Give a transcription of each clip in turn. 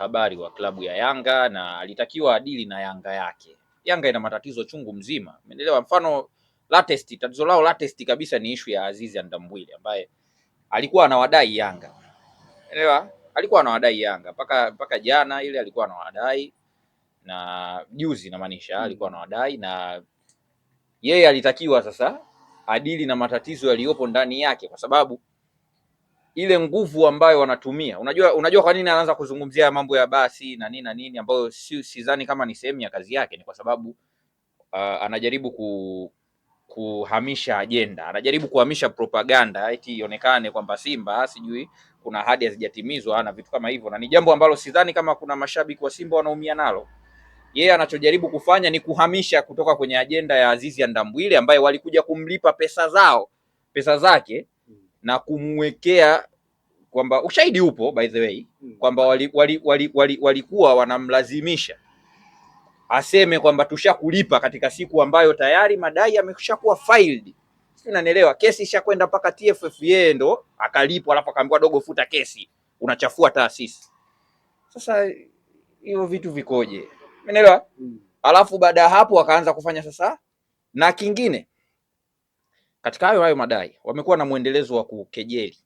habari wa klabu ya Yanga na alitakiwa adili na Yanga yake. Yanga ina matatizo chungu mzima, umeelewa? Mfano latest, tatizo lao latest kabisa ni ishu ya Azizi Andambwile ambaye alikuwa anawadai Yanga, umeelewa? Alikuwa anawadai Yanga mpaka mpaka jana ile alikuwa anawadai na juzi namaanisha, hmm, alikuwa anawadai na yeye alitakiwa sasa adili na matatizo yaliyopo ndani yake kwa sababu ile nguvu ambayo wanatumia. Unajua, unajua kwa nini anaanza kuzungumzia mambo ya basi na nini na nini, ambayo si sidhani kama ni sehemu ya kazi yake, ni kwa sababu uh, anajaribu ku, kuhamisha ajenda, anajaribu kuhamisha propaganda eti ionekane kwamba Simba sijui kuna ahadi hazijatimizwa na vitu kama hivyo, na ni jambo ambalo sidhani kama kuna mashabiki wa Simba wanaumia nalo. Yeye anachojaribu kufanya ni kuhamisha kutoka kwenye ajenda ya Azizi ya Ndambwile ambaye walikuja kumlipa pesa zao pesa zake na kumwekea kwamba ushahidi upo by the way hmm. kwamba walikuwa wali, wali, wali, wali wanamlazimisha aseme kwamba tushakulipa katika siku ambayo tayari madai yameshakuwa filed. Sio, unanielewa? Kesi ishakwenda mpaka TFF, yeye ndo akalipwa, alafu akaambiwa dogo, futa kesi, unachafua taasisi. Sasa hivyo vitu vikoje? Umeelewa? Hmm. Alafu baada ya hapo akaanza kufanya sasa na kingine katika hayo hayo madai wamekuwa na mwendelezo wa kukejeli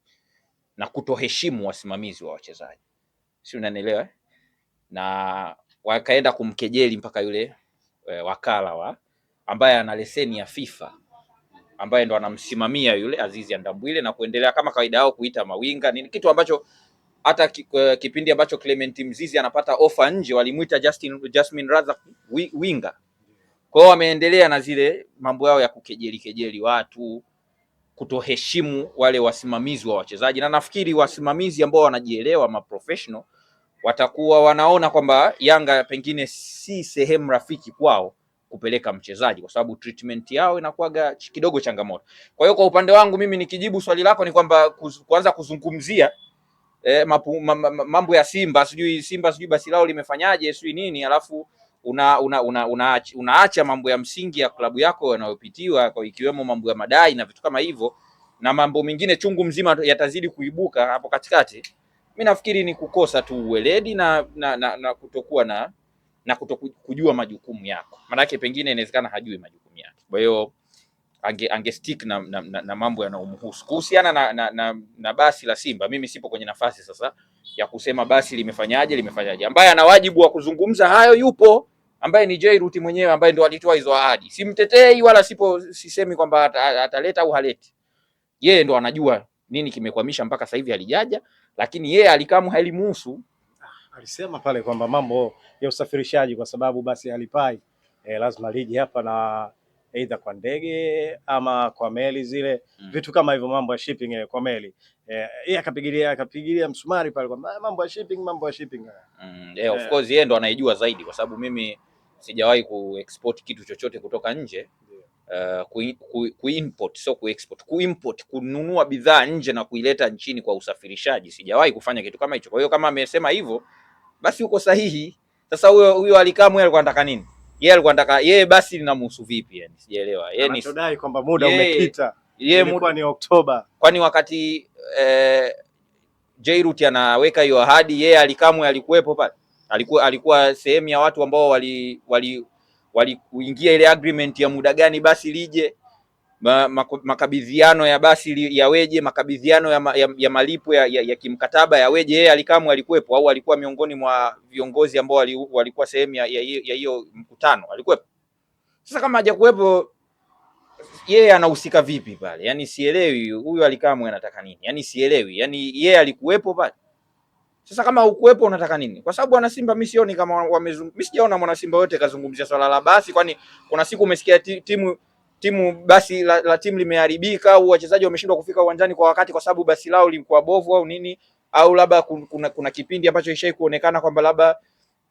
na kutoheshimu wasimamizi wa wachezaji, si unanielewa eh? Na wakaenda kumkejeli mpaka yule e, wakala wa ambaye ana leseni ya FIFA ambaye ndo anamsimamia yule Azizi Andambwile na kuendelea kama kawaida yao kuita mawinga nini, kitu ambacho hata eh, kipindi ambacho Clement Mzizi anapata ofa nje walimwita Justin Jasmine Razak winga kwa hiyo wameendelea na zile mambo yao ya kukejeli kejeli watu, kutoheshimu wale wasimamizi wa wachezaji, na nafikiri wasimamizi ambao wanajielewa professional watakuwa wanaona kwamba Yanga pengine si sehemu rafiki kwao kupeleka mchezaji kwa sababu treatment yao inakuwaga kidogo changamoto. Kwa hiyo kwa upande wangu mimi nikijibu swali lako ni kwamba kuanza kuzungumzia eh, mambo ya Simba sijui Simba sijui basi lao limefanyaje sijui nini alafu unaacha una, una, una, una mambo ya msingi ya klabu yako yanayopitiwa kwa ikiwemo mambo ya madai na vitu kama hivyo na mambo mengine chungu mzima yatazidi kuibuka hapo katikati. Mi nafikiri ni kukosa tu uweledi na, na, na, na kutokuwa na na kutokujua majukumu yako, maanake pengine inawezekana hajui majukumu yake, kwa hiyo ange, ange stick na, na, na, na mambo yanayomhusu kuhusiana na, na, na, na basi la Simba. Mimi sipo kwenye nafasi sasa ya kusema basi limefanyaje limefanyaje, ambaye ana wajibu wa kuzungumza hayo yupo ambaye ni Jairuti mwenyewe ambaye ndo alitoa hizo ahadi. Simtetei wala sipo, sisemi kwamba ataleta au haleti, yeye ndo anajua nini kimekwamisha mpaka sasa hivi alijaja, lakini yeye alikamu halimuhusu. Ah, alisema pale kwamba mambo ya usafirishaji, kwa sababu basi alipai eh, lazima liji hapa na aidha kwa ndege ama kwa meli zile mm. vitu kama hivyo, mambo ya shipping eh, kwa meli eh, yeye akapigilia akapigilia msumari pale kwamba ah, mambo ya shipping, mambo ya shipping mm, eh, Of course yeye ndo anaijua zaidi, kwa sababu mimi sijawahi export kitu chochote kutoka nje yeah. uh, eh, kui, kui, kuimport sio ku import kununua bidhaa nje na kuileta nchini kwa usafirishaji, sijawahi kufanya kitu kama hicho. Kwa hiyo kama amesema hivyo, basi uko sahihi. Sasa huyo huyo alikaa mwe alikuwa anataka nini? yeye alikuwa anataka yeye basi linamhusu vipi? Yani sijaelewa yeye ni anachodai kwamba muda umepita, yeye muda ni Oktoba, kwani wakati eh, Jairut anaweka hiyo ahadi, yeye alikamwe alikuwepo pale, alikuwa alikuwa sehemu ya watu ambao wali wali walikuingia ile agreement ya muda gani basi lije ma, ma, makabidhiano ya basi yaweje, makabidhiano ya, ya, ya malipo ya, ya, ya kimkataba yaweje? Yeye alikamwe alikuwepo au alikuwa miongoni mwa viongozi ambao wali, walikuwa sehemu ya hiyo mkutano? Alikuwepo. Sasa kama hajakuwepo yeye anahusika vipi pale? Yaani sielewi huyu alikamwe anataka nini? Yaani sielewi, yaani yeye alikuwepo pale. Sasa kama hukuwepo unataka nini? Kwa sababu wana Simba mimi sioni kama wamezungumza, mimi sijaona mwana Simba yote kazungumzia swala la basi. Kwani kuna siku umesikia timu timu basi la, la timu limeharibika au wachezaji wameshindwa kufika uwanjani kwa wakati kwa sababu basi lao lilikuwa bovu au nini, au labda kuna, kuna kipindi ambacho ishai kuonekana kwamba labda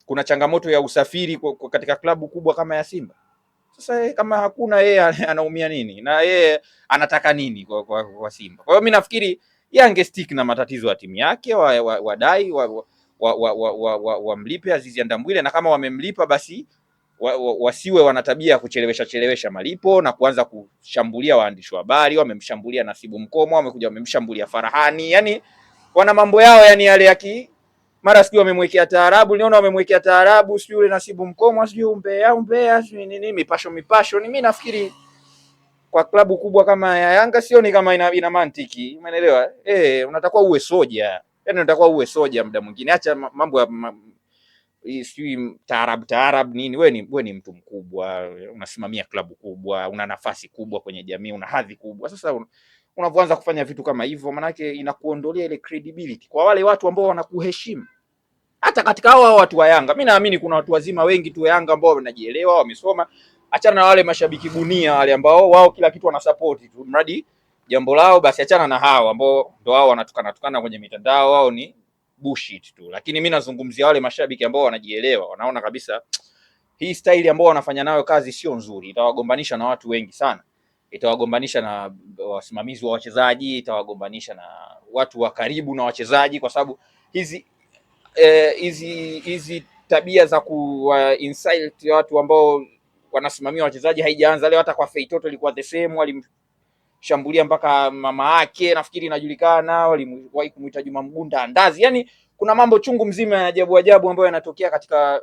kuna changamoto ya usafiri kwa, kwa katika klabu kubwa kama ya Simba. Sasa kama hakuna yeye anaumia nini na yeye anataka nini kwa, kwa, kwa Simba? Kwa hiyo mimi nafikiri yange stick na matatizo ya timu yake, wadai wa, wa, wa, wa, wa, wa, wa, wa, wa, wamlipe Azizi Ndambwile na kama wamemlipa basi wa, wa, wasiwe wana tabia ya kuchelewesha chelewesha malipo na kuanza kushambulia waandishi wa habari. Wamemshambulia Nasibu Mkomo, wamekuja wamemshambulia Farahani, yani wana mambo yao yani yale ya ki mara sijui wamemwekea taarabu, niona wamemwekea taarabu, sijui yule Nasibu Mkomo, sijui umbea umbea, sijui nini, mipasho mipasho. Ni mimi nafikiri kwa klabu kubwa kama ya Yanga sioni kama ina, ina mantiki, umeelewa eh? Unatakiwa uwe soja, yani unatakiwa uwe soja muda mwingine, acha mambo ya sijui taarab taarab nini. We ni, we ni mtu mkubwa, unasimamia klabu kubwa, una nafasi kubwa kwenye jamii, una hadhi kubwa. Sasa un, unavyoanza kufanya vitu kama hivyo, maanake inakuondolea ile credibility kwa wale watu ambao wanakuheshimu hata katika hao watu wa Yanga. Mi naamini kuna watu wazima wengi tu wa Yanga ambao wanajielewa, wamesoma. Achana na wale mashabiki gunia wale ambao wao kila kitu wanasapoti tu mradi jambo lao basi, achana na hao ambao ndo wao wanatukana tukana kwenye mitandao, wao ni bullshit tu, lakini mi nazungumzia wale mashabiki ambao wanajielewa, wanaona kabisa hii staili ambao wanafanya nayo kazi sio nzuri, itawagombanisha na watu wengi sana, itawagombanisha na wasimamizi wa wachezaji, itawagombanisha na watu wa karibu na wachezaji, kwa sababu hizi eh, hizi hizi tabia za uh, insult watu ambao wanasimamia wachezaji haijaanza leo. Hata kwa Feitoto ilikuwa the same, walim shambulia mpaka mama yake nafikiri inajulikana, waliwahi kumuita Juma Mgunda andazi. Yani kuna mambo chungu mzima ya ajabu ajabu ambayo yanatokea katika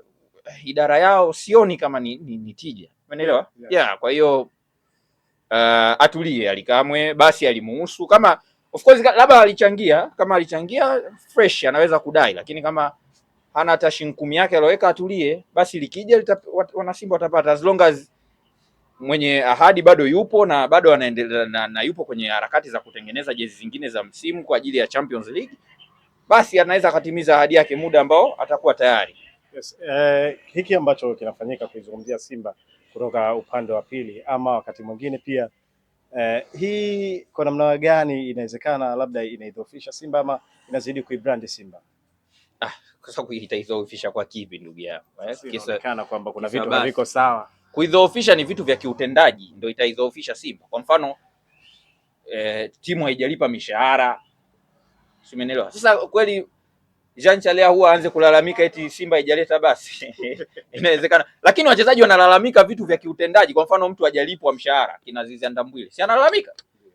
idara yao, sioni kama ni, ni, ni tija, umeelewa? Yeah. Yeah, kwa hiyo uh, atulie Alikamwe, basi alimuhusu kama of course, labda alichangia, kama alichangia fresh anaweza kudai, lakini kama hana hata shinkumi yake aloweka, atulie basi, likija wanasimba watapata as long as mwenye ahadi bado yupo na bado anaendelea na, na yupo kwenye harakati za kutengeneza jezi zingine za msimu kwa ajili ya Champions League, basi anaweza akatimiza ahadi yake muda ambao atakuwa tayari. Yes, eh, hiki ambacho kinafanyika kuizungumzia Simba kutoka upande wa pili ama wakati mwingine pia eh, hii kwa namna gani inawezekana labda inaidhofisha Simba ama inazidi kuibrandi Simba? Ah, kwa sababu itaidhofisha kwa kipi ndugu yangu? Eh, inaonekana kwamba kuna vitu haviko sawa Kuidhoofisha ni vitu vya kiutendaji ndio itaidhoofisha Simba. Kwa mfano e, timu haijalipa mishahara, simenelewa. Sasa kweli Jean Chalea huwa aanze kulalamika eti Simba haijaleta basi inawezekana, lakini wachezaji wanalalamika vitu vya kiutendaji. Kwa mfano mtu hajalipwa mshahara, kina Azizi Ndambwile si analalamika?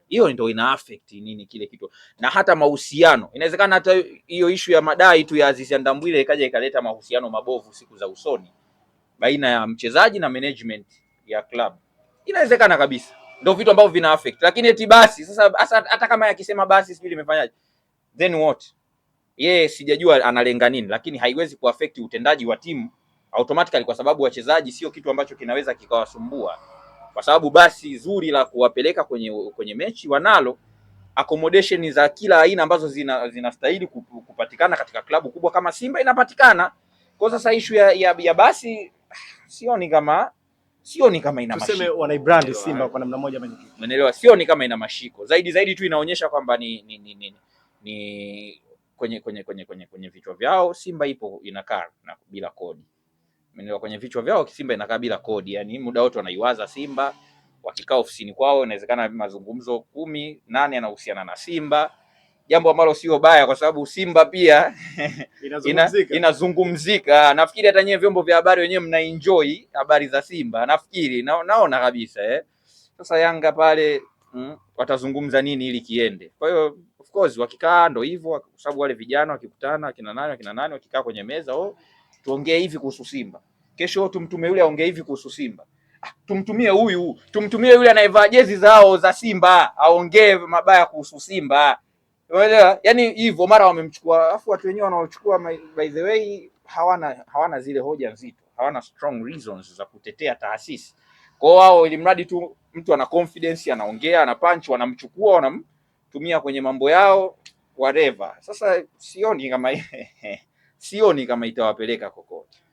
Hiyo ndio ina affect nini kile kitu, na hata mahusiano. Inawezekana hata hiyo ishu ya madai tu ya Azizi Ndambwile ikaja ikaleta mahusiano mabovu siku za usoni baina ya mchezaji na management ya club. Inawezekana kabisa, ndio vitu ambavyo vina affect, lakini eti basi sasa, hasa hata kama yakisema basi sijui limefanyaje, then what yeye yeah, sijajua analenga nini, lakini haiwezi kuaffect utendaji wa timu automatically, kwa sababu wachezaji sio kitu ambacho kinaweza kikawasumbua, kwa sababu basi zuri la kuwapeleka kwenye kwenye mechi wanalo accommodation za kila aina ambazo zinastahili zina kupatikana katika klabu kubwa kama Simba inapatikana. Kwa sasa issue ya, ya, ya basi sioni kama sioni kama ina mashiko. Tuseme brand Simba kwa namna moja ama nyingine. Unaelewa? Sioni kama ina mashiko zaidi zaidi tu inaonyesha kwamba ni, ni, ni, ni, ni kwenye kwenye kwenye kwenye kwenye vichwa vyao Simba ipo inakaa na bila kodi. Umeelewa? Kwenye vichwa vyao Simba inakaa bila kodi, yaani muda wote wanaiwaza Simba wakikaa ofisini kwao, inawezekana mazungumzo kumi nane yanahusiana na Simba jambo ambalo sio baya, kwa sababu Simba pia eh, inazungumzika, inazungumzika. Nafikiri hata nyewe vyombo vya habari wenyewe mna enjoy habari za Simba, nafikiri na, naona kabisa eh. Sasa Yanga pale mm, watazungumza nini ili kiende? Kwa hiyo of course wakikaa ndo hivyo, kwa sababu wale vijana wakikutana akina nani akina nani wakikaa kwenye meza, oh, tuongee hivi kuhusu Simba kesho, tumtume yule aongee hivi kuhusu Simba ah, tumtumie huyu, tumtumie yule anayevaa jezi zao za Simba aongee mabaya kuhusu Simba. Unaelewa? Yaani hivyo mara wamemchukua, alafu watu wenyewe wanaochukua by the way hawana hawana zile hoja nzito, hawana strong reasons za kutetea taasisi. Kwa hiyo wao ili mradi tu mtu ana confidence, anaongea, ana punch, wanamchukua, wanamtumia kwenye mambo yao whatever. Sasa sioni kama sioni kama itawapeleka kokote.